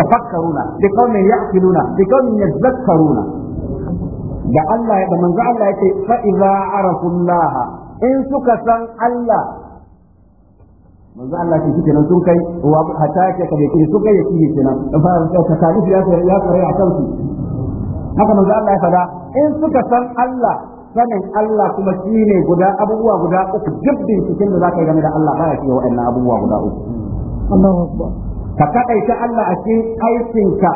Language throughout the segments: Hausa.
تفكرون لقوم يعقلون لقوم يذكرون da الله ya من قال الله ya ce fa idza arafullaha in suka manzo Allah sun kai wa ke kabe kai yake kenan fa ka kalif ya ya fara haka manzo Allah ya in suka san Allah sanin Allah kuma shine guda abubuwa guda uku jibbin cikin da zaka yi game da Allah ya cikin waɗannan abubuwa guda uku Allahu akbar ka kadaita Allah a cikin aikinka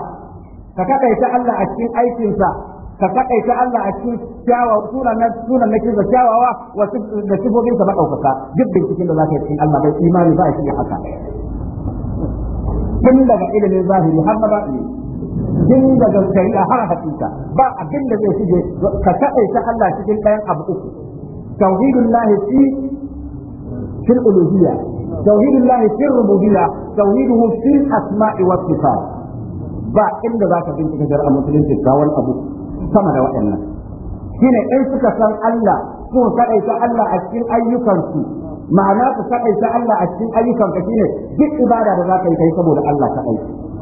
ka kadaita Allah a cikin aikinsa ka kadaita Allah a cikin kyawawa sunan nan sunan nake da kyawawa wa da sifofin sa madaukaka duk binciken da zaka yi cikin Allah bai imani ba a shi haka tun daga ilimin zahiri har na ba'i tun daga shari'a har hakika ba abin da zai shige ka kadaita Allah cikin ɗayan abu uku Tauhidun tauhidullahi fi fil uluhiyya توحيد الله في الربوبية توحيده في الأسماء والصفات ba inda za ka bincika jar'a musulunci ga wani abu sama da waɗannan shine in suka san Allah ko kaɗaita Allah a cikin ayyukansu ma'ana ka kaɗaita Allah a cikin ayyukanka shine duk ibada da za ka yi kai saboda Allah kaɗai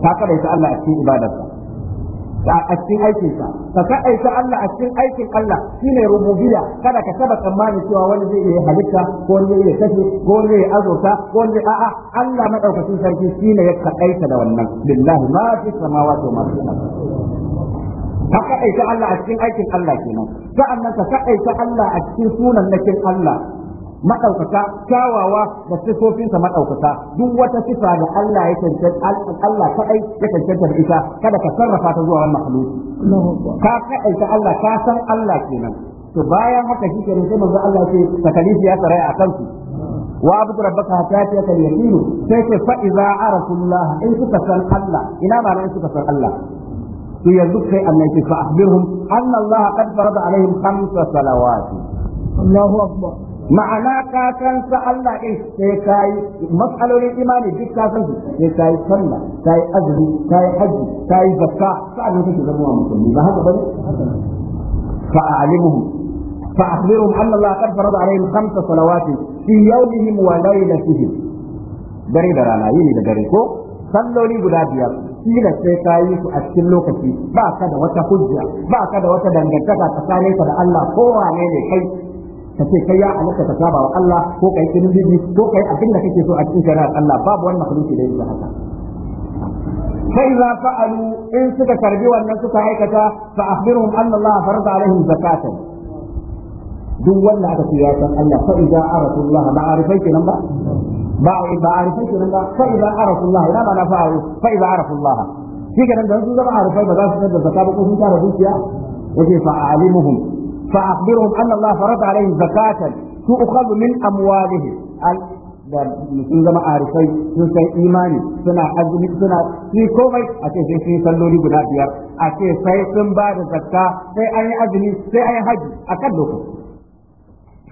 ka kaɗaita Allah a cikin ibadarsa a cikin aikin sa ka kaɗaita Allah a cikin aikin Allah shine rububiyya kada ka saba tsammani cewa wani zai iya halitta ko wani zai iya kashe ko wani zai azurta ko wani a'a Allah madaukakin sarki shine ya kaɗaita da wannan billahi ma fi samawati wa ma fi al-ard ka kaɗaita Allah a cikin aikin Allah kenan sa'annan ka kaɗaita Allah a cikin sunan nakin Allah Maɗaukata, kyawawa da sifofinsa madaukaka duk wata sifa da Allah ya cancanta Allah kadai ya cancanta da ita kada ka sarrafa ta zuwa wannan haluki ka ta Allah ka san Allah kenan to bayan haka shi kenan sai manzo Allah ce takalifi ya tsare a kansu wa abu rabbaka hatta ya kai yakinu sai ce fa idza arafullah in suka san Allah ina ma in san Allah to yanzu kai annabi fa akhbirhum anna Allah qad farada alaihim khamsa salawati Allahu akbar ma'ana ka san sa Allah din sai kai matsalolin imani duk ka san su sai kai sallah kai azumi kai haji kai zakka sa'an kake zama musulmi ba haka bane fa'alimuhum fa'akhbirhum anna Allah qad farada alaihim khamsa salawati fi yawmihim wa laylatihim dare da rana yini da dare ko salloli guda biyar kila sai ka yi su a cikin lokaci ba ka da wata hujja ba ka da wata dangantaka tsakaninka da Allah ko wane ne kai ka ce kai ya halatta ta saba wa Allah ko kai kin bibi ko kai abin da kake so a cikin shari'ar Allah babu wani makhluki da yake haka kai za alu in suka karbi wannan suka aikata fa akhbirhum anna Allah farada alaihim zakata duk wanda aka ce ya san Allah fa idza arafu Allah ba arifai kenan ba ba ba arifai kenan ba fa idza arafu Allah ina ma na fa'alu fa idza arafu Allah shi kenan da su zama arifai ba za su san da zakata ko sun tara dukiya wace fa alimuhum فأخبرهم أن الله فرض عليهم زكاة تؤخذ من أموالهم da sun zama arifai sun san imani suna azumi suna shi komai a ce sai sun salloli guda biyar a ce sai sun ba da zakka sai an yi azumi sai an yi haji a kan lokaci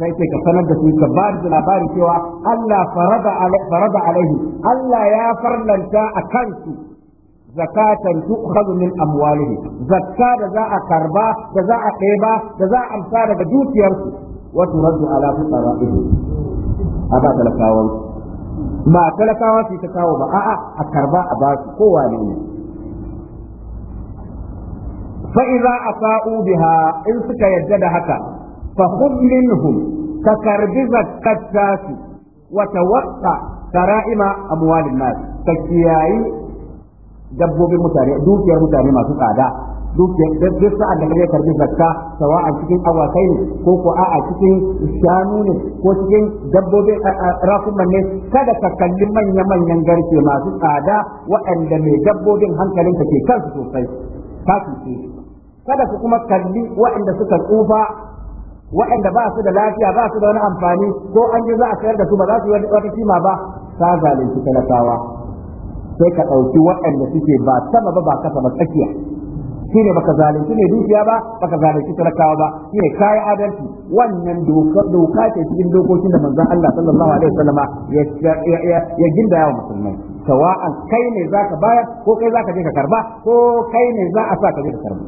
sai ce ka sanar da su ka ba da labari cewa Allah farada alaihi Allah ya farlanta a kansu zakatan tu'khadhu min amwalihi zakka da za a karba da za a ɗeba da za a amsa daga dukiyarsu wa turaddu ala fuqara'ihi aba talakawan ba talakawa su ta kawo ba a'a a karba a ba su kowa ne ne fa idza afa'u biha in suka yadda da haka fa khudh minhum ka karbi zakkatasi wa tawaqqa kara'ima amwalin nas ka kiyayi dabbobin mutane dukiyar mutane masu tsada dukiyar duk sa'an da kare karbi zakka sawa a cikin awakai ne ko ko a cikin shanu ne ko cikin dabbobin rafuman ne kada ka kalli manya manyan garke masu tsada waɗanda mai dabbobin hankalinka ke kansu sosai ka kada ku kuma kalli waɗanda suka tsufa waɗanda ba su da lafiya ba su da wani amfani ko an ji za a sayar da su ba za su yi wata kima ba sa zalunci talakawa sai ka ɗauki waɗanda suke ba sama ba ba kasa ba tsakiya shine baka zalunci ne dukiya ba baka zalunci talakawa ba shine kai adalci wannan doka ce cikin dokokin da manzon Allah sallallahu alaihi wasallam ya ginda yawa musulmai sawa'an kai ne ka bayar ko kai zaka je ka karba ko kai ne za a sa ka je ka karba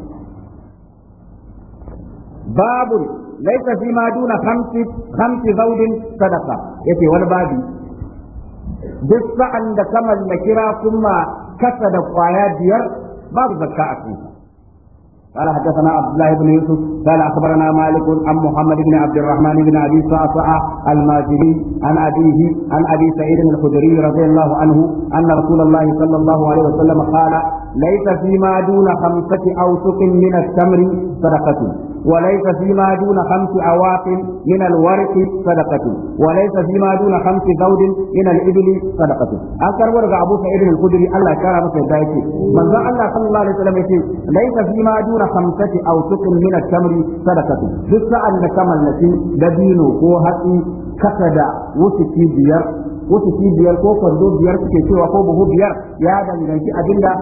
babu laisa fi ma duna khamsi khamsi zawdin sadaqa yace wani babi duk sa'an da ka mallaki raƙuma kasa da kwaya biyar babu zakka a cikin قال حدثنا عبد الله بن يوسف قال اخبرنا مالك عن محمد بن عبد الرحمن بن ابي صعصع المازني عن ابيه عن ابي سعيد الخدري رضي الله عنه ان رسول الله صلى الله عليه وسلم قال ليس فيما دون خمسه اوسق من التمر صدقه وليس فيما دون خمس عواق من الورق صدقة وليس فيما دون خمس زود من الإبل صدقة أكثر ورد أبو سعيد الخدري الله كان مثل ذلك من الله صلى الله عليه وسلم يقول ليس فيما دون خمسة أو سق من التمر صدقة جزءا لكمل نسي دبينو كوهتي كسد وسكي بير wuce biyar ko kwando biyar suke cewa ko buhu biyar ya danganci abinda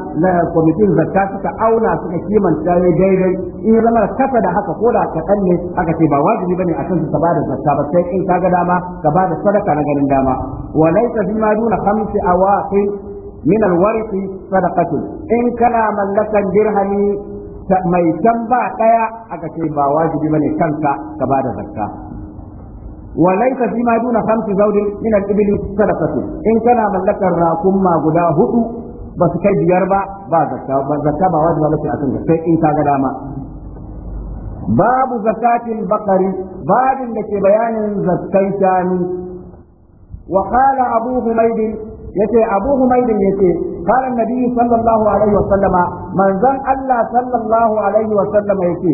kwamitin zakka suka auna suka kimanta ne daidai in zama kasa da haka ko da kaɗan ne aka ce ba wajibi bane akan su ba da zakka ba sai in ka ga dama ka ba da sadaka na ganin dama wa laysa bima duna khamsi awaqin min alwarith sadaqatu in kana mallakan dirhami mai tamba daya aka ce ba wajibi bane kanka ka ba da zakka وليس فيما دون خمس زوج من الإبل صدقة إن كان ملك الراكم ما غدا هدو بس كي بيار با با زكاة با زكاة با واجبة بس أسن زكاة إن كان غداما باب زكاة البقر باب لك بيان زكاة ثاني وقال أبو حميد yace abu humaydin yace qala nabi sallallahu alaihi wa sallama manzon allah sallallahu alaihi wa sallama yace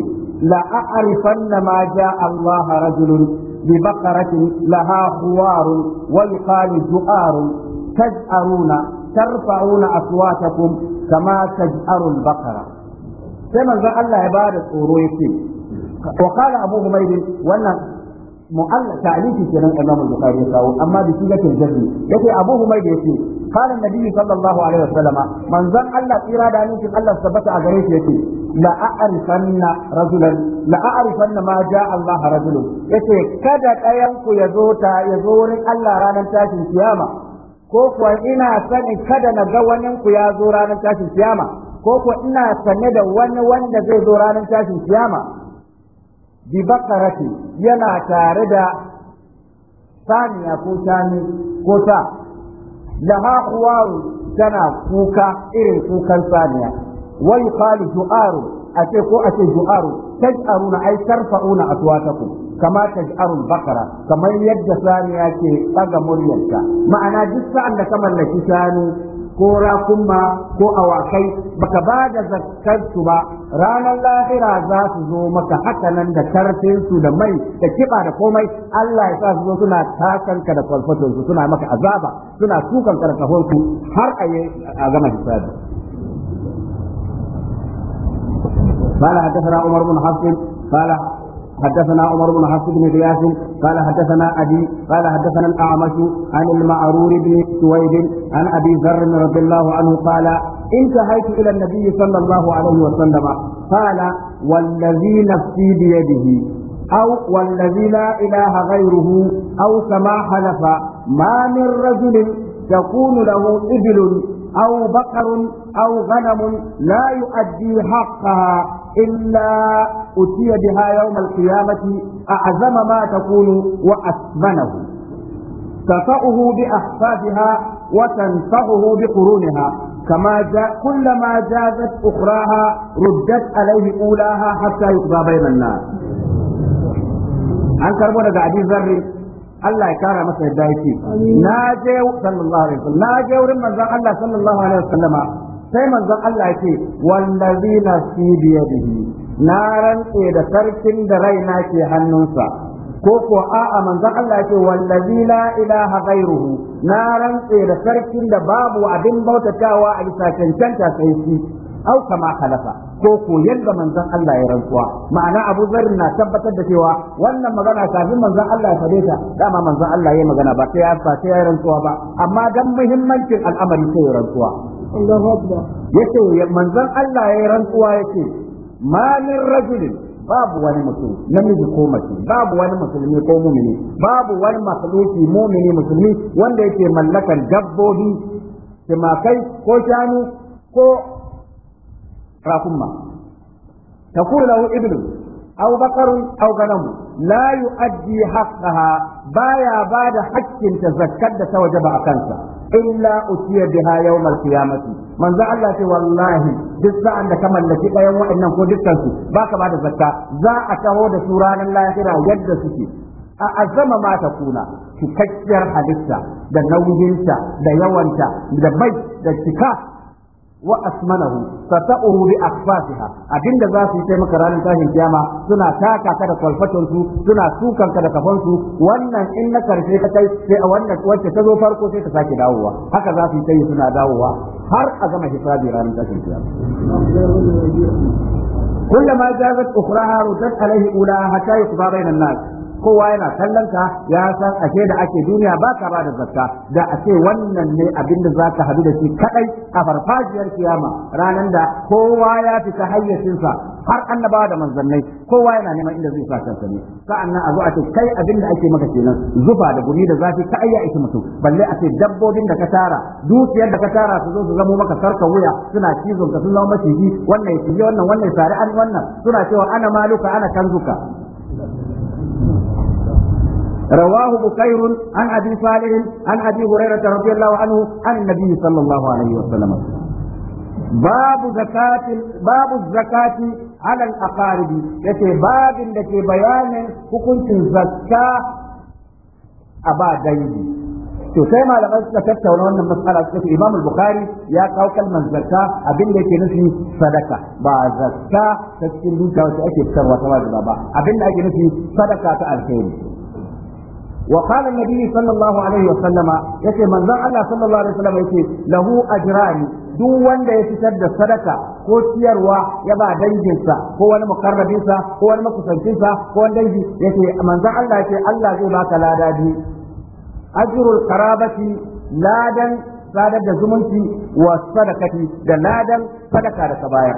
la a'rifanna ma jaa allah rajulun ببقرة لها خوار ويقال جؤار تجأرون ترفعون أصواتكم كما تجأر البقرة كما قال الله عبادة أورويتي وقال أبو حميد وأن مؤلف تعليق kenan Imam البخاري ya اما amma الجزم sigatin ابو yake Abu قال النبي صلى الله عليه وسلم من ذن الله إرادة أنك الله ثبت على أغريك يتي لا أعرفن رجلا لا أعرفن ما جاء الله رجل يتي كذا أيامك يزوتا يزور الله رانا تاشي سياما كوكو انا سني كدا نجوانك يزور رانا تاشي سياما ko ko ina sanne da wani wanda zai zo ranar tashin bi bakarati yana tare da saniya ko Sani ko ta laha kuwaru tana kuka irin kukan saniya wa yuqalu ju'aru ace ko ace ju'aru taj'aruna ay tarfa'una aswatakum kama taj'arul bakara kamar yadda saniya ke tsaga muryarta ma'ana duk sa'an da ka mallaki shanu ko rakunma ko awakai baka ba da zakkarsu ba ranar lahira za su zo maka haka nan da karfin da mai da kiba da komai Allah ya sa su zo suna takanka da kwalfaton suna maka azaba suna sukan ka da kahonku har a gama hisabi قال حدثنا عمر بن حفص قال حدثنا عمر بن حفص بن غياث قال حدثنا أبي قال حدثنا الأعمش عن المعرور بن سويد عن أبي ذر رضي الله عنه قال انتهيت إلى النبي صلى الله عليه وسلم قال والذي نفسي بيده أو والذي لا إله غيره أو كما حلف ما من رجل تكون له إبل أو بقر أو غنم لا يؤدي حقها إلا أتي بها يوم القيامة أعظم ما تكون وأثمنه تطأه بأحفادها وتنفعه بقرونها كما جاء كلما جازت أخراها ردت عليه أولاها حتى يقضى بين الناس عن كربونة عدي Allah ya kara masa yadda yake na je sallallahu alaihi wasallam na je wurin manzon Allah sallallahu alaihi wasallam sai manzon Allah yake wallazi nafsi bi yadihi na rantse da sarkin da raina ke hannunsa ko ko a'a manzon Allah yake wallazi la ilaha ghairuhu na rantse da sarkin da babu abin bautatawa a bisa cancanta sai shi au kama halafa ko ko yadda manzon Allah ya rantsuwa ma'ana Abu na tabbatar da cewa wannan magana kafin manzon Allah ya fade ta dama manzon Allah ya magana ba sai ya ba sai ya rantsuwa ba amma dan muhimmancin al'amari sai ya rantsuwa Allahu Akbar yace manzon Allah ya rantsuwa yace ma min rajulin babu wani mutum namiji ko mace babu wani musulmi ko mumini babu wani makhluki mumini musulmi wanda yake mallakar dabbobi kai, ko shanu ko raƙumma تقول له ابن أو بقر أو غنم لا يؤدي حقها بايا بعد حق تزكد توجب أكنسا إلا أتي بها يوم القيامة من ذا الله والله جزا عند كما التي يوم إن نقول باك بعد الزكاة ذا أتهود سوران الله يخيرا يد سكي أعظم ما تكون cikakkiyar halitta da nauyinta da yawanta da bai da cika wa asmanahu sata'uhu bi akfasiha abinda za su yi maka ranar tashin kiyama suna taka ka da kwalfatun su suna sukan ka da kafan su wannan in na karshe ka kai sai wannan wacce ta zo farko sai ta sake dawowa haka za su yi suna dawowa har a gama hisabi ranar tashin kiyama كلما جازت أخراها ردت عليه أولاها حتى يقضى بين الناس kowa yana kallon ka ya san ashe da ake duniya ba ka ba da zakka da a ce wannan ne abin da zaka hadu da shi kadai a farfajiyar kiyama ranan da kowa ya fita hayyacinsa har annabawa da manzannai kowa yana neman inda zai sa kansa ne sa'annan a zo a ce kai abin da ake maka kenan zufa da gumi da zafi ka ayya ita mutum balle a ce dabbobin da ka tara dukiyar da ka tara su zo su zamo maka sarka wuya suna cizon ka sun zama maciji wannan ya wannan wannan sare an wannan suna cewa ana maluka ana kanzuka رواه بكير عن أبي صالح عن أبي هريرة رضي الله عنه عن النبي صلى الله عليه وسلم باب زكاة باب الزكاة على الأقارب يتي باب التي بيان حكم الزكاة أبا ديني to sai malamai suka tattauna wannan matsala suka ce Imam Bukhari ya kawo kalmar zakka abin da yake nufi sadaka ba zakka a cikin dukiya wacce ake fitarwa ta da ake nufi sadaka ta alheri وقال النبي صلى الله عليه وسلم يتي من ذا الله صلى الله عليه وسلم يتي له أجران duk wanda ya fitar da sadaka ko siyarwa ya ba danginsa ko wani mukarrabinsa ko wani makusancinsa ko wani dangi yace manzon Allah ce Allah zai baka lada biyu ajrul qarabati ladan sadar da zumunci wa sadakati da ladan sadaka da kabaya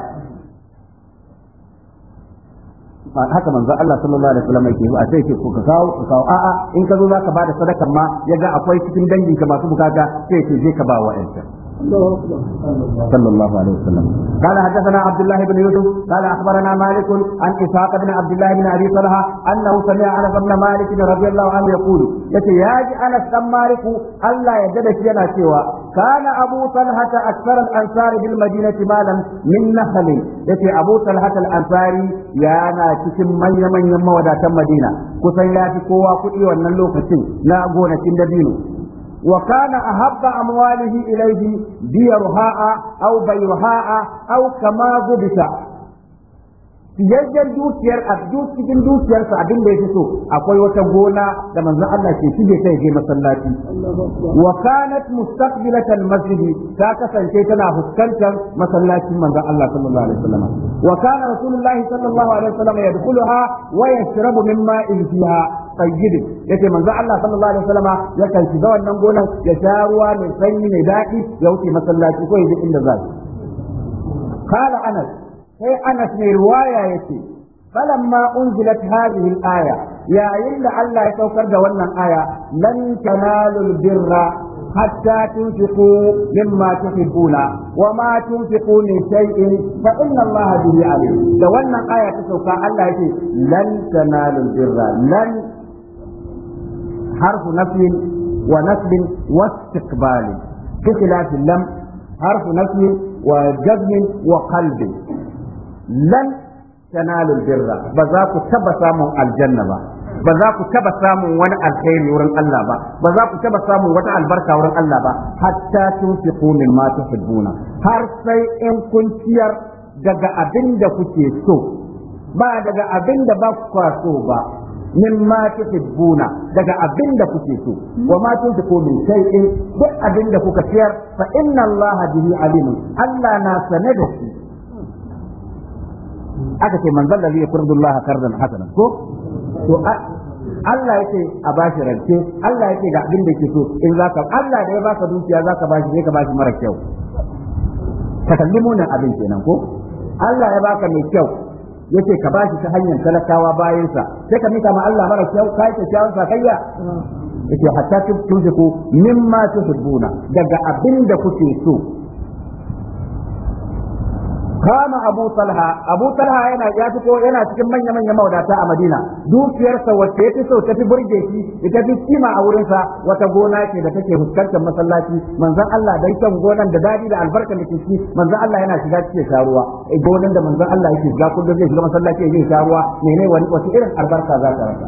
haka manzo Allah sallallahu alaihi wasallam yake a sai ce ko ka kawo ka kawo a'a in ka zo zaka bada sadakar ma yaga akwai cikin dangin ka masu bukata sai ce je ka ba wa'ansa صلى الله عليه وسلم قال حدثنا عبد الله بن يوسف قال اخبرنا مالك عن اسحاق بن عبد الله بن ابي طلحه انه سمع انس بن مالك رضي الله عنه يقول يتي ياجي انس بن مالك الا يجدك ينا سوى كان ابو طلحه اكثر الانصار بالمدينه مالا من نخل يتي ابو طلحه الانصاري yana cikin manya-manyan mawadatan Madina kusan ya fi kowa kuɗi wannan lokacin na gonakin dabino وكان أحب أمواله إليه ديرهاء أو بيرهاء أو كما ضبط siyayyen dukiyar a cikin dukiyarsa abin da ya so akwai wata gona da manzon Allah ke shige ta je masallaci wa kanat mustaqbilatal masjid ta kasance tana fuskantar masallacin manzon Allah sallallahu alaihi wasallam wa kana rasulullahi sallallahu alaihi wasallam yadkhuluha wa yashrabu min ma'in fiha tayyib yace manzon Allah sallallahu alaihi wasallam ya kan shiga wannan gonar ya sha ruwa mai sanyi mai daɗi ya wuce masallaci ko ya je inda zai قال انس sai anas mai riwaya yace falamma unzilat hadhihi al-aya yayin da Allah ya saukar da wannan aya lan tanalul birra hatta tunfiqu mimma tuhibbuna wa ma tunfiqu min shay'in fa inna Allah bihi alim da wannan aya ta sauka Allah yake lan tanalul birra lan harfu nafyin wa nasbin wa istiqbalin بخلاف اللم حرف نفي وجزم وقلب lan tanalul birra ba za ku taba samun aljanna ba ba za ku taba samun wani alkhairi wurin Allah ba ba za ku taba samun wata albarka wurin Allah ba hatta tunfiqu mimma tuhibbuna har sai in kun ciyar daga abin da kuke so ba daga abin da ba ku so ba mimma tuhibbuna daga abin da kuke so wa ma tunfiqu min shay'in duk abin da kuka ciyar fa inna Allah bihi alimun Allah na sanade aka ce man zalla ya kurdu Allah kardan hasana ko to Allah yake a bashi rance Allah yake ga abin da yake so in zaka Allah da ya baka dukiya zaka bashi ne ka bashi mara kyau takallimunan abin kenan ko Allah ya baka mai kyau ce ka bashi ta hanyar talakawa bayansa sai ka mika ma Allah mara kyau kai ta kyawun sakayya yace hatta tunfiku mimma tuhibbuna daga abin da kuke so kama abu talha abu talha yana ya fito yana cikin manya manyan mawadata a madina dukiyarsa wacce ya fi so ta fi burge shi ita fi kima a wurinsa wata gona ce da take fuskantar masallaci manzon Allah dan kan gonan da dadi da albarka da kishi manzon Allah yana shiga cikin sharuwa eh, gonan da manzon Allah yake shiga kullum zai shiga masallaci yake sharuwa menene wani irin albarka za ta rasa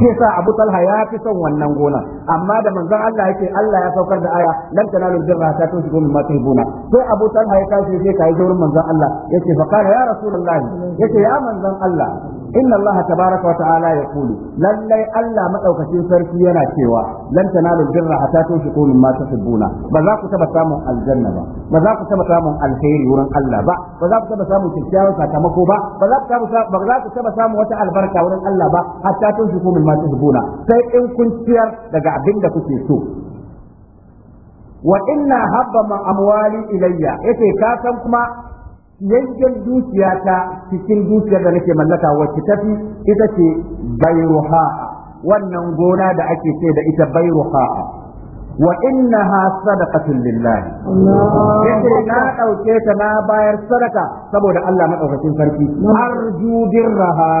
shi yasa abu talha ya fi son wannan gona amma da manzon Allah yake Allah ya saukar da aya lan tanalul birra ta tunfiqu mimma tuhibuna sai abu talha ya kace sai kai gurin manzon Allah yace fa qala ya rasulullah yace ya manzon Allah inna Allah tabaraka wa ta'ala yaqulu lallai Allah madaukakin sarki yana cewa lan tanalul birra hatta tunfiqu mimma tuhibbuna ba za ku taba samun aljanna ba ba za ku taba samun alheri wurin Allah ba ba za ku taba samun kyakkyawan sakamako ba ba za ku taba ba za ku taba samun wata albarka wurin Allah ba hatta tunfiqu mimma tuhibbuna sai in kun ciyar daga abin da kuke so wa inna habba ma amwali ilayya yace ka san kuma yankin dukiyata cikin dukiyar da nake mallaka wacce tafi ita ce bayruha wannan gona da ake ce da ita bayruha wa innaha sadaqatun lillahi yace na dauke ta na bayar sadaka saboda Allah madaukakin sarki arju dirraha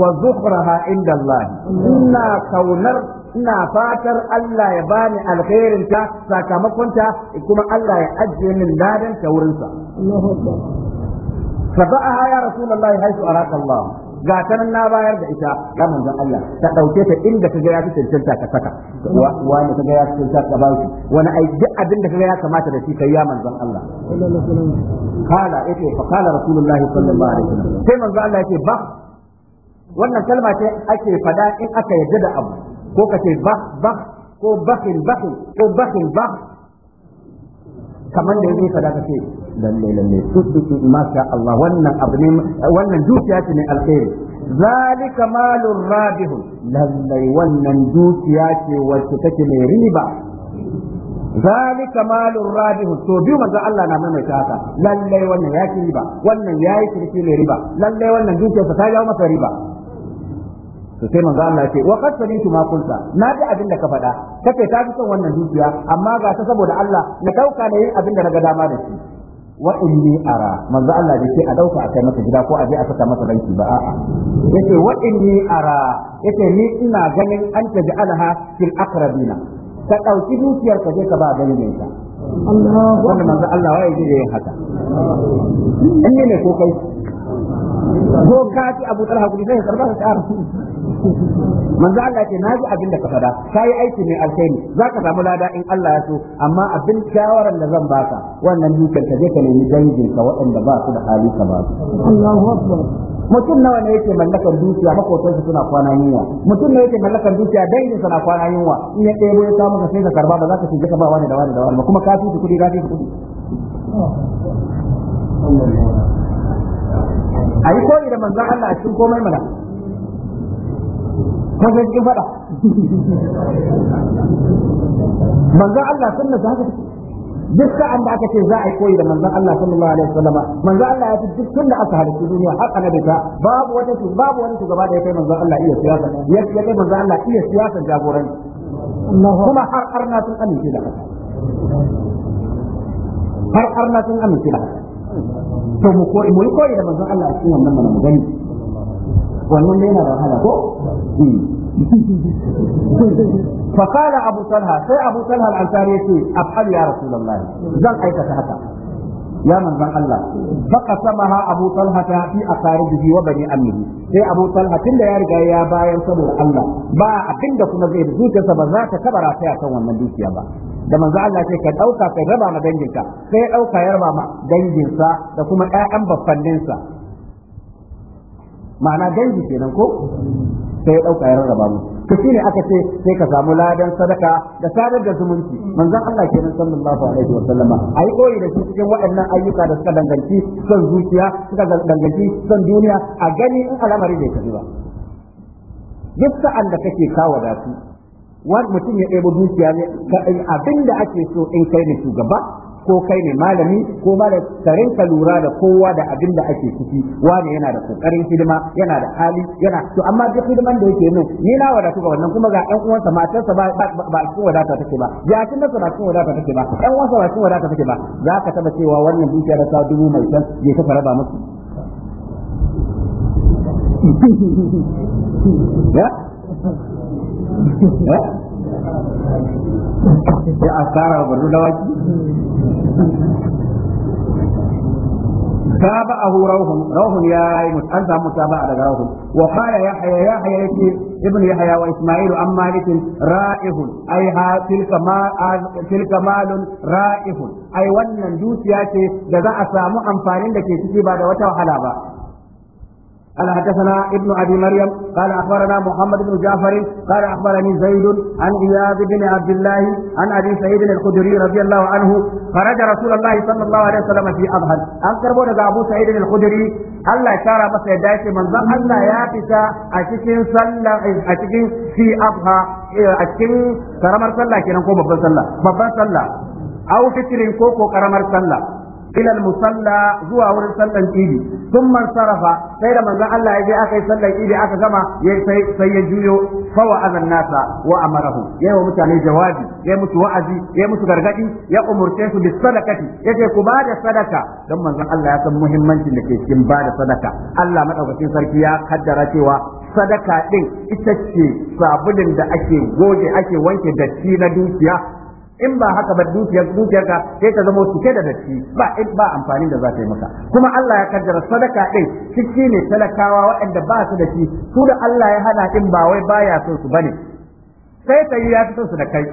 wa zukhraha inda Allah inna kaunar ina fatar Allah ya bani sakamakon sakamakonta kuma Allah ya ajiye min ladan ta wurinsa فضعها يا رسول الله حيث أراك الله ga ta na bayar da ita ga manzon Allah ta dauke ta inda kaga ya cancanta ka saka wani kaga ya cancanta ka wani ai duk abin kaga ya kamata da shi kai ya manzon Allah kala yake fa kala rasulullah sallallahu alaihi wasallam sai manzon Allah yake ba wannan kalma ce ake fada in aka yarda da abu ko kace ba ko bakin bakin bakin kamar lalle lalle tusbitu masha Allah wannan abu ne wannan dukiya ce ne alkhairi zalika malur rabihun lalle wannan dukiya ce wacce take mai riba zalika malur rabihun to biyu manzo Allah na mai haka lalle wannan ya ci riba wannan ya yi kirki mai riba lalle wannan dukiyarsa ta jawo masa riba to sai manzo Allah ce wa qad sami'tu ma qulta na ji abin da ka faɗa kake ta fi son wannan dukiya amma ga ta saboda Allah na dauka ne yin abin da na ga dama da shi wa inni ara manzo Allah da ke a dauka a kai masa gida ko a je a saka masa banki ba a'a yace wa inni ara yace ni ina ganin an taj'alaha fil aqrabina ka dauki dukiyar ka je ka ba ganin ka Allah wanda manzo Allah waye ji yin haka in ne ko kai ko ka ci Abu Talha kudi sai karba ka manzo Allah ce naji abin da ka fada kai aiki mai alkhairi zaka samu lada in Allah ya so amma abin shawaran da zan baka wannan dukan ka je ka nemi dangin ka waɗanda ba su da hali ka ba Allahu akbar mutum nawa ne yake mallakar dukiya makotansa suna kwana yunwa mutum ne yake mallakar dukiya dangin na kwana yunwa in ya ɗebo ya samu ka sai ka karba ba za ka shiga ka ba wani da wani da wani kuma ka fi kuɗi ka fi kuɗi ayi koyi da manzan Allah a cikin komai mana ko sai cikin fada manzon Allah sunna ta haka duk sa'an da aka ce za a yi koyi da manzon Allah sallallahu alaihi wasallama manzon Allah ya fi duk tun da aka halitta duniya har da ta babu wata babu wani shugaba da ya kai manzon Allah iya siyasa ya kai manzon Allah iya siyasa jagoranci kuma har arna sun amince da haka har arna sun amince da haka to mu koyi mu koyi da manzon Allah a cikin wannan mana mu gani wannan dai yana da wahala ko hmm. fa abu talha sai abu talha al ansari yace afal ya rasulullah zan aikata haka ya manzon Allah baka samaha abu talha ta fi aqaribihi wa bani amrihi sai abu talha tun da ya riga ya bayan saboda Allah ba abin da kuma zai zuciyarsa ba za ta kabara ta kan wannan dukiya ba da manzon Allah sai ka ɗauka kai raba ma danginka sai ɗauka ya raba ma danginsa da kuma ƴaƴan baffanninsa ma'ana dangi kenan ko sai ya dauka ya rarraba mu to shine aka ce sai ka samu ladan sadaka da sadar da zumunci manzon Allah kenan sallallahu alaihi wa sallama ai koyi da shi cikin waɗannan ayyuka da suka danganci son zuciya suka danganci son duniya a gani in al'amari bai kaji ba duk sa'an da kake kawo da su wani mutum ya ɗebo dukiya ne abin da ake so in kai ne shugaba ko kai ne malami ko da karin ka lura da kowa da abin da ake ciki wani yana da kokarin hidima yana da hali yana to amma duk hidiman da yake min ni na wadatu ga wannan kuma ga ɗan uwansa matarsa ba ba cikin wadata take ba ya kin da ba cikin wadata take ba ɗan uwansa ba cikin wadata take ba za ka taba cewa wannan dukiya da ta dubu mai san je ta faraba musu ya sai a tsara barno dawaki saba a rauhun rauhun ya yi an samu saba daga rauhun wa ya haya ibn ya haya wa an malikin ra'ihun ai ha tilka malun ra'ihun ai wannan dukiya ce da za a samu amfanin da ke ciki ba da wata wahala ba قال حدثنا ابن ابي مريم قال اخبرنا محمد بن جعفر قال اخبرني زيد عن اياد بن عبد الله عن ابي سعيد الخدري رضي الله عنه خرج رسول الله صلى الله عليه وسلم في اضحى ان كربو daga ابو سعيد الخدري الله يكرا masa ya dace manzon Allah ya fita a cikin sallah a cikin fi adha a cikin karamar sallah kenan ko babban sallah babban sallah au fitrin ko ko karamar sallah ila musalla zuwa wurin sallan idi sunman man sarafa sai da manzon Allah ya je aka yi sallan idi aka gama sai ya juyo fawa azan nasa wa amarahu yayi wa mutane jawabi ya musu wa'azi yayi musu gargadi ya umarce su bis sadakati yace ku ba da sadaka don manzon Allah ya san muhimmancin da ke cikin ba da sadaka Allah madaukakin sarki ya kaddara cewa sadaka ɗin ita ce sabulin da ake goge ake wanke datti na dukiya in ba haka ba dukiyar dukiyarka sai ta zama cike da datti ba in ba amfani da za ta yi maka kuma Allah ya kaddara sadaka din ciki ne talakawa waɗanda ba su da shi su da Allah ya hana din ba wai baya son su bane sai ta yi ya fi son su da kai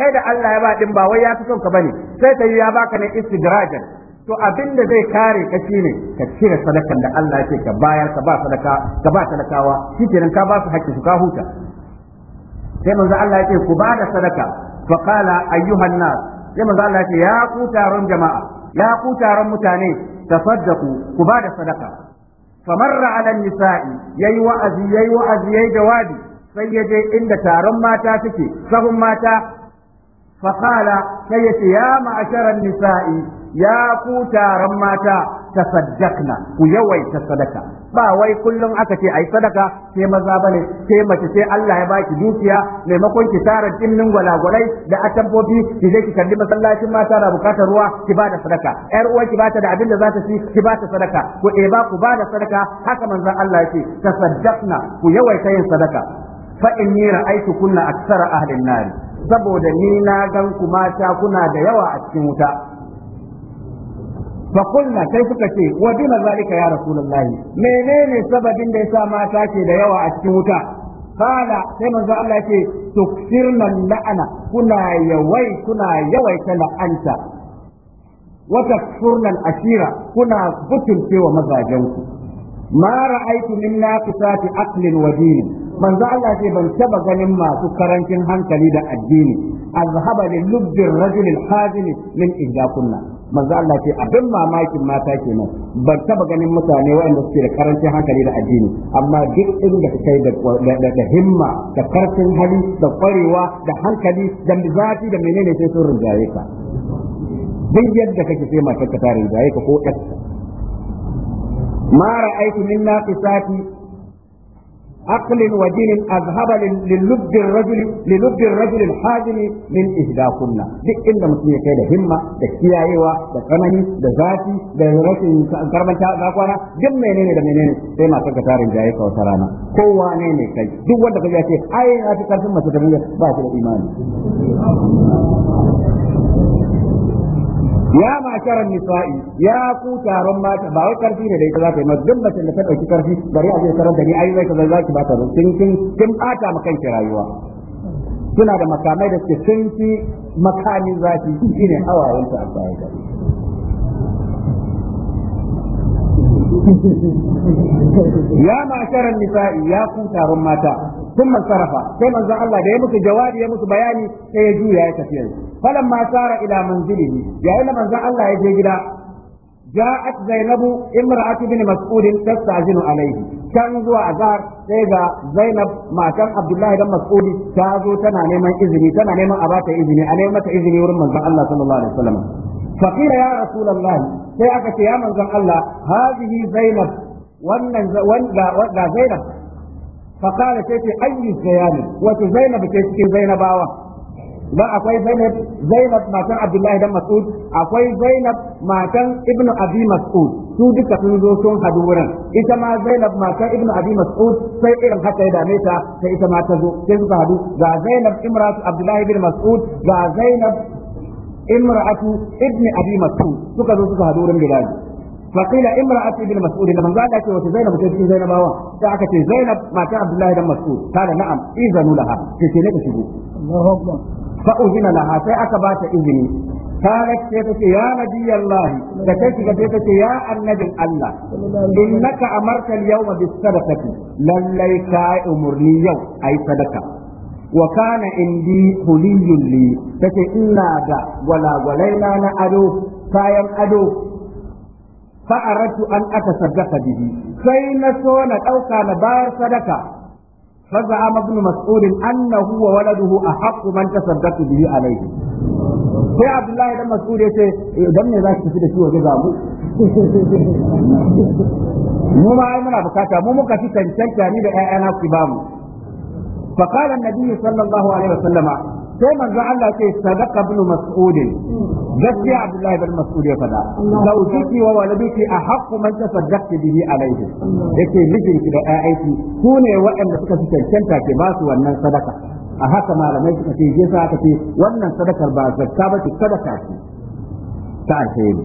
kai da Allah ya ba din ba wai ya fi son ka bane sai ta yi ya baka ne istidrajan to abin da zai kare ka shine ka cire sadakan da Allah yake ka bayar ka ba sadaka ka ba talakawa shikenan ka ba su hakki su ka huta sai manzo Allah ya ku ba da sadaka fa qala ayyuhan nas ya manzo Allah ce ya ku taron jama'a ya ku mutane tasaddaqu ku ba da sadaka famarra ala nisa'i yi wa'azi yayi wa'azi yayi jawabi sai ya je inda taron mata suke sahun mata fa qala sai ya ce ya ma'asharan nisa'i ya ku taron mata ta saddakna ku yawaita sadaka ba wai kullum aka ce ai sadaka ke maza bane ke mace ce Allah ya baki dukiya maimakon ki tara dinnin gwalagwalai da atamfofi ki je ki kalli masallacin mata da bukatar ruwa ki ba da sadaka yar uwa ki bata da abin da za ta ci ki ba ta sadaka ku eh, ba ku ba da sadaka haka manzon Allah yake ta sadakna ku yawaita yin sadaka fa inni ra'aytu kunna aktsara ahli an-nar saboda ni na gan ku mata kuna da yawa a cikin wuta fa kulna sai suka ce wa bima zalika ya rasulullahi menene sababin da yasa mata ke da yawa a cikin wuta kala sai manzo Allah ce su tuksirna la'ana kuna yawai kuna yawaita la'anta Wata takfurna asira, kuna butulce wa mazajenku Mara aiki min naqisati aqlin wa dinin manzo Allah ce ban taba ganin masu karancin hankali da addini azhaba lil lubbi rajul al-hazim min kunna. manzo Allah ce abin mamakin mata kenan ban taba ganin mutane waɗanda suke da karancin hankali da addini amma duk inda da kai da himma da karfin hali da kwarewa da hankali da mizati da menene sai sun rinjaye ka duk yadda kake sai matar ka ta rinjaye ka ko ɗan ma ra'aytu min naqisati عقل ودين أذهب للب الرجل للب الرجل الحازم من إهداكن duk inda mutum ya kai da himma da kiyayewa da tsanani da zafi da rashin karban ta duk menene da menene sai masu ka tarin jaye ka wata rana kowa ne ne kai duk wanda ka ce ai na fi karfin mace da ba shi da imani ya ma masharan nisa'i ya ku taron mata ba wai karfi ne da ita za ta yi masu duk mace da ta ɗauki karfi bari a je karan da ni ai mai ka za ki ba ta kin kin kin bata maka kanki rayuwa suna da makamai da suke sun fi makami zaki, shine hawayen a Allah ya ya ma ma'asharar nisa'i ya ku taron mata sun man sai manzo Allah da ya musu jawabi ya musu bayani sai ya juya ya tafi yanzu فلما سار إلى منزله يعني من ذا الله يجي جاءت زينب امرأة بن مسعود تستعجل عليه كان زوا أزار سيجا زينب ما كان عبد الله بن مسعود تازو تنا نيما إذني تنا نيما أباتا إذني أنيما إذني ورمان الله صلى الله عليه وسلم فقيل يا رسول الله سيأكت يا من الله هذه زينب ولا زينب فقال سيتي أي زينب وتزينب تسكن زينب ba akwai Zainab Zainab matan Abdullahi dan Mas'ud akwai Zainab matan Ibn Abi Mas'ud su duka sun zo sun hadu wurin ita ma Zainab matan Ibn Abi Mas'ud sai irin haka ya dame ta sai ita ma ta zo sai suka hadu ga Zainab imratu Abdullahi bin Mas'ud ga Zainab imratu Ibn Abi Mas'ud suka zo suka hadu wurin Bilal فقيل امرأة ابن مسعود لمن قال لك وتزينب وتزينب زينب هو فأكت زينب ما كان عبد الله بن مسعود قال نعم إذن لها في سنة الله أكبر Ka inu laha sai aka ba ta izini. Tare sefese ya na biya Allah, da ta shiga su ga ya annabin Allah. innaka naka a marka liyawa tafi? Lallai ta umarni yau, ai sadaka. Wa ka na indi kuliyun ne? Ta ce ina da gwalagwalaina na ado, kayan ado. Fa a ratu an ɗaka sadaka jiki. Sai na so na ɗauka na bar sadaka. فزعم ابن مسعود انه وولده احق من تصدقت به عليه sai abdullahi dan mas'ud ya ce dan ne za ki tafi da shi waje ga mu mu ma ai muna bukata mu muka fi cancanta ni da ƴaƴana su ba mu fa qala annabi sallallahu alaihi wasallama sai manzo Allah ce sadaqa ibn mas'ud gaskiya Abdullahi ibn Mas'ud ya fada zawjiki wa waladiki ahaqqu man tasaddaqti bihi alayhi yace mijinki da ƴaƴanki ku ne waɗanda suka fi cancanta ke ba su wannan sadaka a haka malamai suka ce je sa aka ce wannan sadakar ba zakka ba ce sadaka ce ta alheri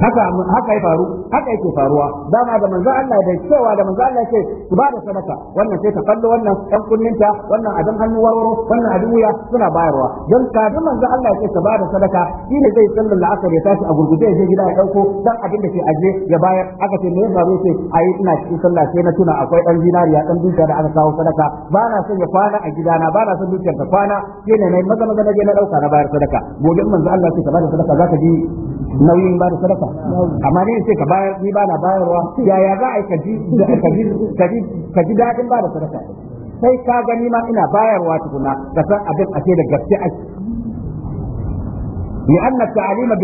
haka haka ya faru haka yake faruwa dama da manzo Allah da cewa da manzo Allah ce su ba da sadaka wannan sai ta kallo wannan dan kunninta wannan abin hannu warwaro wannan abin wuya suna bayarwa dan kafin manzo Allah ya ce ka ba da sadaka ne zai sallar la'asar ya tashi a gurguje je gida ya dauko dan abin da ke aje ya bayar aka ce me ya faru sai ayi ina cikin sallah sai na tuna akwai dan zinariya dan dukiya da aka kawo sadaka ba na son ya kwana a gidana ba na son dukiyar ta kwana shi ne maza maza na je na dauka na bayar sadaka gobe manzo Allah ya ce ba da sadaka zaka ji nauyin ba da sadaka amma ne sai ka bayar ni ba bayarwa yaya za a yi ka ji daɗin ba sadaka sai ka gani ma ina bayarwa tukuna ka san abin ake da gaske ake لأن التعليم au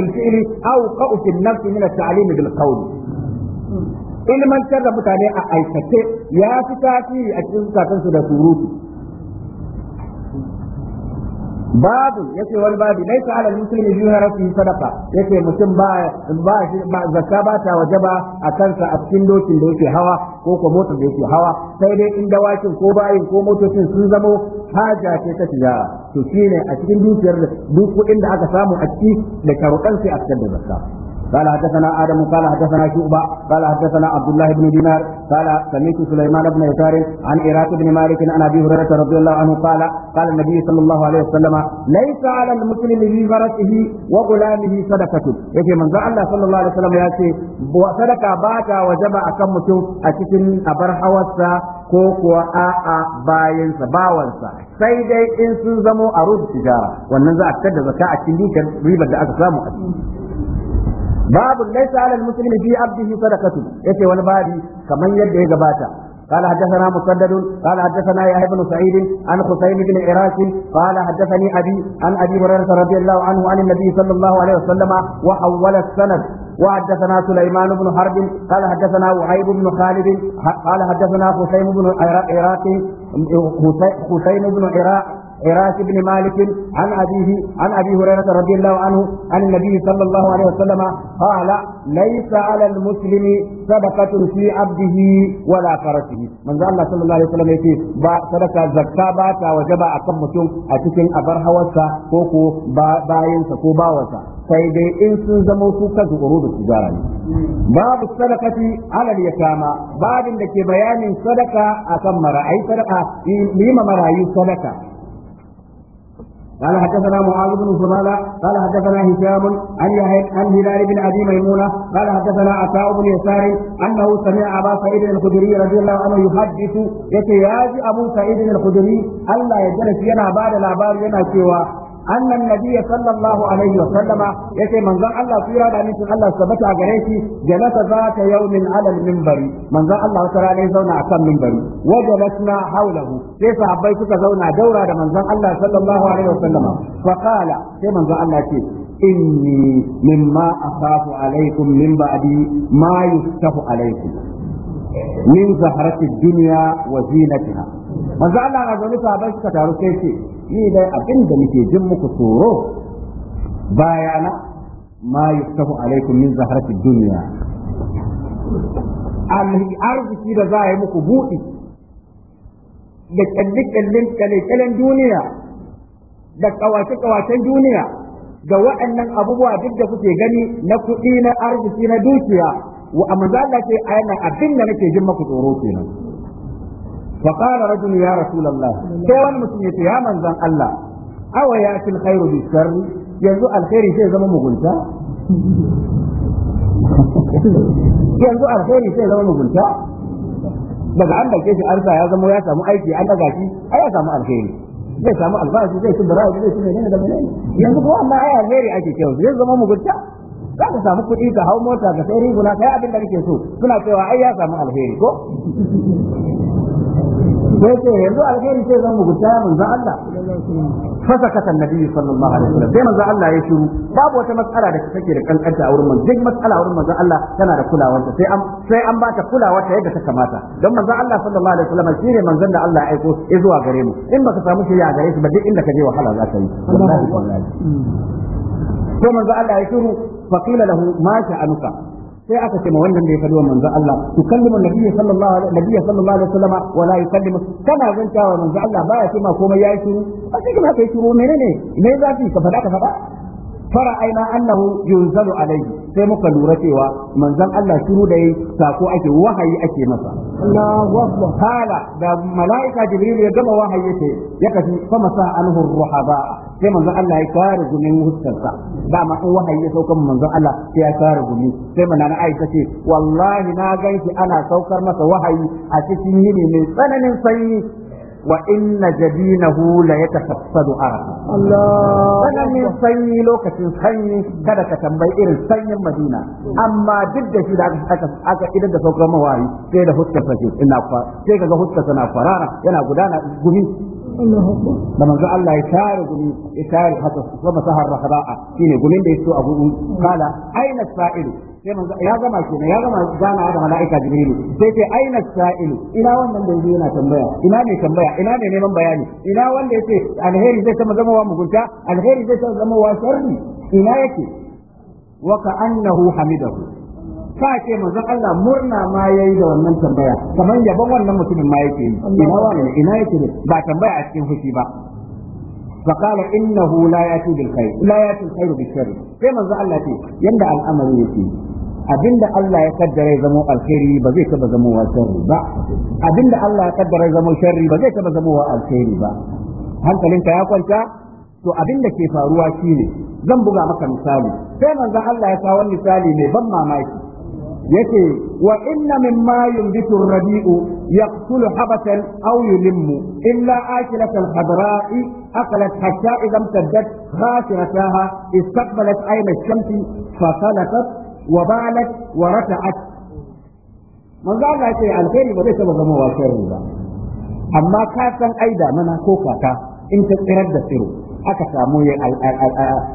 أوقع في النفس من التعليم بالقول ilmantar da mutane a aikace ya fi tasiri a cikin zukatansu da surutu babu yake wani babu laisa ala muslimi fi harfi sadaqa yake mutum ba ba ba zakka ba ta wajaba a kansa a cikin dokin da yake hawa ko ko motar da yake hawa sai dai inda wakin ko bayin ko motocin sun zamo haja ce ta tijara to shine a cikin dukiyar duk kuɗin da aka samu a ciki da karukan sai a cikin da zakka قال حدثنا آدم قال حدثنا شعبة قال حدثنا عبد الله بن دينار قال سمعت سليمان بن يسار عن إراك بن مالك عن أبي هريرة رضي الله عنه قال قال النبي صلى الله عليه وسلم ليس على المسلم في فرسه وغلامه صدقة يكي من الله صلى الله عليه وسلم يأتي وصدقة باتا وجمع كم أتكن أبرح وسا ko kuwa a'a bayansa bawansa sai dai in sun zamo a rubu tijara wannan za a fitar da zaka a cikin dukiyar ribar da aka samu a ciki babu laysa alal muslimi fi abdihi sadaqatu yace wani babi kaman yadda ya gabata قال حدثنا مسدد قال حدثنا يحيى بن سعيد عن حسين بن عراش قال حدثني ابي عن ابي هريره رضي الله عنه عن النبي صلى الله عليه وسلم وحول السند وحدثنا سليمان بن حرب قال حدثنا وعيب بن خالد قال حدثنا حسين بن عراق حسين بن عراق عراش بن مالك عن أبيه عن أبي هريرة رضي الله عنه عن النبي صلى الله عليه وسلم قال ليس على المسلم صدقة في عبده ولا فرسه من ذا الله صلى الله عليه وسلم يتي با صدقة زكاة باتا وجب أكم مسلم أتكن أبرها وسا كوكو با باين سكو با وسا sai dai in sun zama su kansu urudu tijara ne babu sadakati alal yatama babin da ke bayanin sadaka akan marayi sadaka yi ma marayu sadaka قال حدثنا معاذ بن فضالة قال حدثنا هشام عن عن هلال بن ابي ميمونه قال حدثنا عطاء بن يسار انه سمع ابا سعيد الخدري رضي الله عنه يحدث يتي يا ابو سعيد الخدري الله يجلس ينا بعد العبار ينا سوى أن النبي صلى الله عليه وسلم يكي من ذا الله سيرا دانيس الله ثبت عقريتي جلس ذات يوم على المنبر من ذا الله سيرا نيزونا أكام منبر وجلسنا حوله كيف عبيتك زونا دورا من ذا الله صلى الله عليه وسلم فقال كيف من ذا الله كيف إني مما أخاف عليكم من بعدي ما يفتح عليكم من زهرة الدنيا وزينتها manzo Allah na zaune sahabbai suka taru sai ce ni dai abin da muke jin muku tsoro bayana ma yuftahu alaikum min zaharati dunya arziki da za a yi muku buɗi da kyallin kyallin duniya da kawace-kawacen duniya da waɗannan abubuwa duk da kuke gani na kuɗi na arziki na dukiya wa amma za ce a yana abin da nake jin muku tsoro kenan فقال رجل يا رسول الله سيوان مسلمة يا من زن الله أو يأتي الخير بالشر ينزو الخير شيء زمان مغلتا yanzu alheri sai zama mugunta daga an dauke shi arsa ya zama ya samu aiki an daga shi ai ya samu alheri zai samu albashi zai ci bara zai ci menene da menene yanzu ko Allah ai alheri ake cewa zai zama mugunta za ka samu kuɗi ka hau mota ka sai riguna kai abin da kake so suna cewa ai ya samu alheri ko sai ce yanzu alheri ce zan mugunta ya manzo Allah fasa kasan nabi sallallahu alaihi wasallam sai manzo Allah ya shiru babu wata matsala da take da kankanta a wurin manzo duk matsala wurin manzo Allah tana da kulawarta sai an sai an bata kulawarta yadda ta kamata don manzo Allah sallallahu alaihi wasallam ne manzon da Allah ya aiko ya zuwa gare mu in baka samu shi ya gare shi ba duk inda ka je wahala za ka yi wallahi sai manzo Allah ya shiru faqila lahu ma sha'anuka sai aka ce ma wannan da ya faɗi wa manzo Allah to kallimu nabiyyi sallallahu alaihi nabiyyi sallallahu alaihi wasallama wa la yukallimu kana zantawa manzo Allah baya ce ma komai yayi shiru a cikin haka yi shiru menene me zafi ka faɗa ka faɗa fara'aina annahu yunzalu alaihi sai muka lura cewa manzon Allah shiru da yayi sako ake wahayi ake masa Allahu akbar kala da malaika jibril ya gama wahayi yace ya kashi fama sa anhu ruhaba sai manzon Allah ya kare gumin huskarsa dama in wahayi ya saukar manzon Allah sai ya kare gumi sai manana Aisha ce wallahi na ganshi ana saukar masa wahayi a cikin yini mai tsananin sanyi wa inna jabinahu la yatafassadu arab Allah wannan sanyi lokacin sanyi kada ka tambayi irin sanyin Madina amma duk da shi da aka aka idan da saukar mawari sai da huskar sa ina fa sai kaga huskar na farara yana gudana gumi da manzo Allah ya tare gumi ya tare haka wa masahar rahba'a shine gumin da yaso a gudu kala aina sa'iru sai manzo ya gama kenan ya gama ganawa da mala'ika jibrilu sai ce aina sa'ilu ina wannan da yana tambaya ina ne tambaya ina ne neman bayani ina wanda yace alheri zai ta zama wa mugunta alheri zai sama zama wa sharri ina yake wa ka'annahu hamidahu ka ce manzon Allah murna ma yayi da wannan tambaya kamar yabon wannan mutumin ma yake yi ina wani ina yake ba tambaya a cikin fushi ba فقال إنه لا يأتي بالخير لا يأتي الخير بالشر كما زعل الله يندع الأمر يأتي abinda Allah ya kaddara zama zamo alkhairi ba zai taba zamowa sharri ba abinda Allah ya kaddara zama zamo sharri ba zai taba wa alkhairi ba hankalinka ya kwanta to abinda ke faruwa shine zan buga maka misali sai manzo Allah ya kawo misali mai ban mamaki yace wa inna mimma yunbitu rabi'u يقتل حبسا أو يلم إلا آكلة الخضراء أكلت حتى إذا امتدت خاسرتها استقبلت عين الشمس فخلقت وبالت ورتعت من قال لها الخير وليس بغموها شر أما كاسا أيضا منا كوكاكا إن تترد سيرو aka samu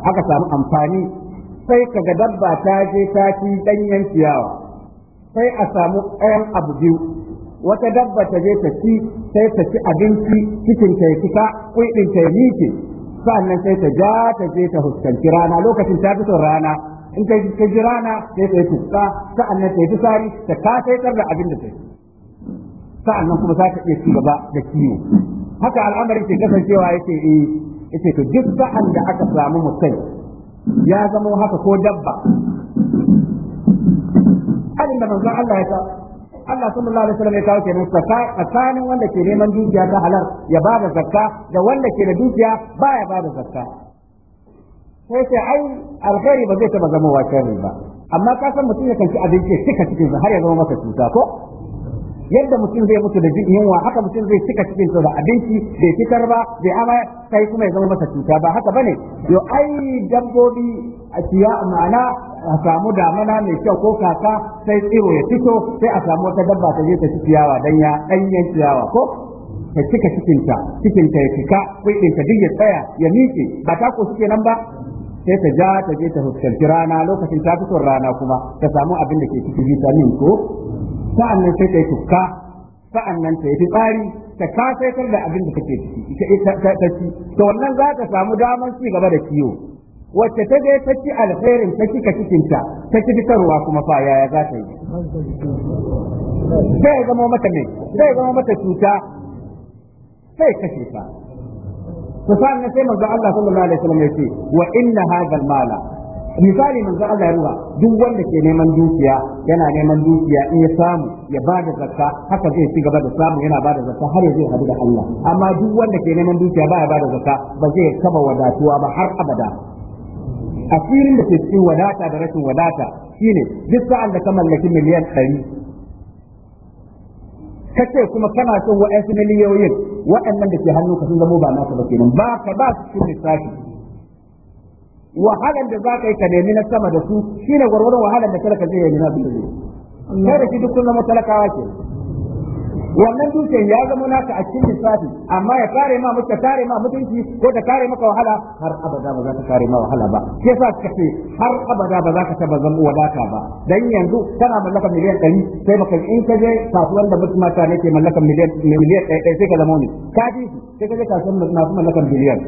aka samu amfani sai kaga dabba ta je ta ci danyen ciyawa sai a samu ɗayan abu biyu wata dabba ta je ta ci sai ta ci abinci cikin ta cika kuidin ta miƙe sannan sai ta ja ta je ta huskanci rana lokacin ta fito rana in ta ta ji rana sai ta yi tuka sa'annan ta yi fitsari ta kasaitar da abin da ta yi sa'annan kuma za ta iya ci gaba da kiwo haka al'amarin ke kasancewa yake eh yace to duk sa'an da aka samu mutum ya zama haka ko dabba halin da manzon Allah ya sa Allah sallallahu alaihi wasallam ya kawo kenan tsakanin wanda ke neman dukiya ta halar ya ba da zakka da wanda ke da dukiya ba ya ba da zakka sai sai ai alkhairi ba zai taba zama wa ba amma ka san mutum ya kanci abinci cika cikin har ya zama masa cuta ko yadda mutum zai mutu da jin yunwa haka mutum zai cika cikin da abinci bai fitar ba bai ama sai kuma ya zama masa cuta ba haka bane yo ai dabbobi a ciya ma'ana a samu damana mai kyau ko kaka sai tsiro ya fito sai a samu wata dabba ta je ta ci ciyawa dan ya danyen ciyawa ko ta cika cikin ta cikin ta ya cika kuɗinta ta dinga tsaya ya miƙe ba ta ko suke nan ba sai ta ja ta je ta fuskanci rana lokacin ta fito rana kuma ta samu abin da ke ciki vitamin ko sa'an nan sai ta yi tukka sa'an nan ta yi fitsari ta kasaitar da abin da kake ciki ita ta ci to wannan za ta samu damar ci gaba da kiwo wacce ta je ta ci alkhairin ta ci ka ta ta ci fitarwa kuma fa yaya za ta yi zai zama mata ne zai zama mata cuta sai kashe ta to sa'an nan sai manzo Allah sallallahu alaihi wasallam ya ce wa inna hadha mala misali manzo Allah ruwa duk wanda ke neman dukiya yana neman dukiya in ya samu ya bada da zakka haka zai ci gaba da samu yana bada da zakka har ya zai hadu da Allah amma duk wanda ke neman dukiya baya ba da zakka ba zai taba wadatuwa ba har abada asirin da ke cikin wadata da rashin wadata shine duk sa'an da ka mallaki miliyan ɗari kace kuma kana son wa'ansu miliyoyin waɗannan da ke hannu ka sun zama ba naka ba kenan ba ka ba su cikin lissafi wahalar da za ka yi ka nemi na sama da su shine gwargwadon wahalar da talaka zai yi na biyu sai da shi duk kun talakawa ke wannan dutsen ya zama naka a cikin lissafi amma ya kare ma mutu kare ma mutunci ko ta kare maka wahala har abada ba za ka kare ma wahala ba ke sa ka ce har abada ba za ka taba zama wadata ba dan yanzu kana mallakar miliyan ɗari sai maka in ka je kasuwar da mutum mata ne ke mallakar miliyan miliyan ɗaya sai ka zama ne ka ji sai ka je kasuwar masu mallakan miliyan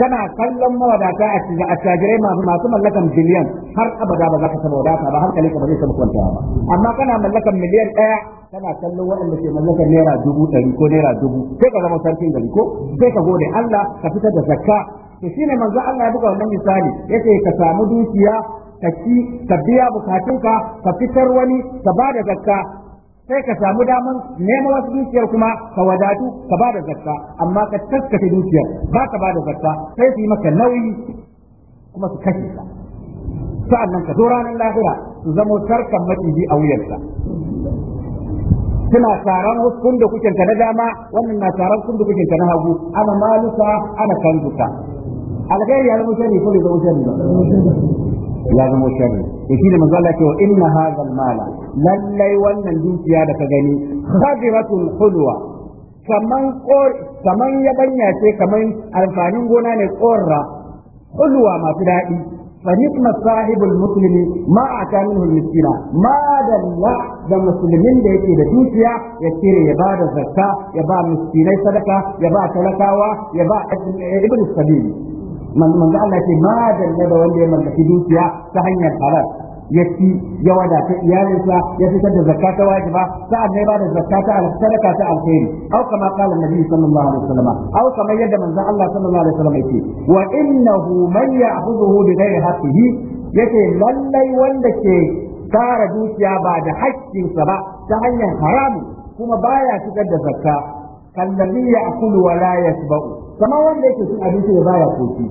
kana kallon mawadata a cikin attajirai masu masu mallakan biliyan har abada ba za ka saba wadata ba har kalika ba zai saba kwanta ba amma kana mallakan miliyan ɗaya kana kallon waɗanda ke mallakan naira dubu ɗari ko naira dubu sai ka zama sarkin gari ko sai ka gode Allah ka fitar da zakka to shine manzo Allah ya buga wannan misali yace ka samu dukiya ka ci ka biya bukatunka ka fitar wani ka ba da zakka sai ka samu daman neman wasu dukiyar kuma ka wadatu ka ba da zakka amma ka taskace dukiyar ba ka ba da zakka sai su yi maka nauyi kuma su kashe ka sa'annan ka zo ranar lahira su zamo sarkan maciji a wuyarsa suna taron hukun da kuke na dama wannan na taron kun da kuke na hagu ana malusa ana kanzuka alghairi ya zama shari ko bai zama shari ba ya zama shari to shi ne manzo Allah ce wa inna hadha mala lallai wannan dukiya da ka gani khadiratul hulwa kaman kor kaman ce kaman alfanin gona ne korra hulwa masu daɗi fa kuma sahibul muslimi ma ata minhu miskina ma da musulmin da yake da dukiya ya kire ya bada zakka ya ba miskinai sadaka ya ba talakawa ya ba ibn sabili man Allah ce ma da wanda ya mallaki dukiya ta hanyar halal ya ci ya wadata iyalinsa ya fitar da zakka ta wajiba sa'an ne ba da zakka ta sadaka ta alkhairi aw kama qala annabi sallallahu alaihi wasallam aw kama yadda manzon Allah sallallahu alaihi wasallam yake wa innahu man ya'khudhuhu bi ghairi haqqihi yake lallai wanda ke tara dukiya ba da haƙƙinsa ba ta hanyar haramu kuma baya fitar da zakka kallabi ya'kulu wa la yasba'u kamar wanda yake cin abinci da baya koki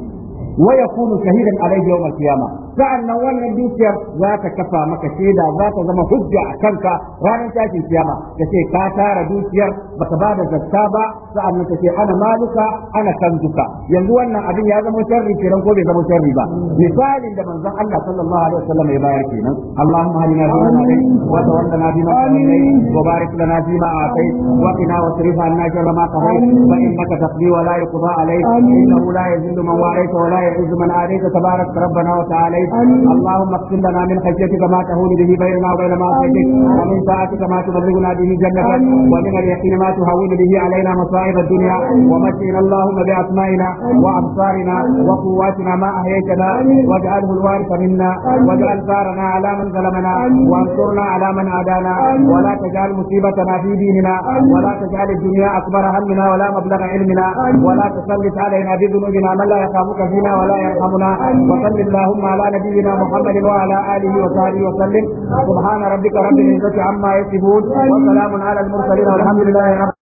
wa yakunu shahidan alaihi yawm al-qiyamah Sa'an nan wannan dukiyar za ta kafa maka shaida za ta zama hujja a kanka ranar tashin kiyama ta ce ka tara dukiyar baka ba da zakka ba nan ta ce ana maluka ana kanzuka yanzu wannan abin ya zama sharri kenan ko bai zama sharri ba misalin da manzon Allah sallallahu alaihi wasallam ya bayar kenan Allahumma hadina fi man hadayt wa na fi man tawallayt wa barik lana fi ma atayt wa qina wasrif anna sharra ma qadayt fa innaka taqdi wa la yuqda alayk innahu la yazillu man walayta wa la yu'izzu man adayta tabarak rabbana wa ta'ala اللهم اغفر لنا من خشيتك ما تهون به بيننا وبين معصيتك ومن طاعتك ما تبلغنا به جنتك ومن اليقين ما تهون به علينا مصائب الدنيا ومتعنا اللهم باسمائنا وابصارنا وقواتنا ما احييتنا واجعله الوارث منا واجعل ثارنا على من ظلمنا وانصرنا على من عادانا ولا تجعل مصيبتنا في ديننا ولا تجعل الدنيا اكبر همنا ولا مبلغ علمنا ولا تسلط علينا بذنوبنا من لا يخافك فينا ولا يرحمنا وصل اللهم على نبينا محمد وعلى آله وصحبه وسلم سبحان ربك رب العزة عما يصفون وسلام على المرسلين والحمد لله رب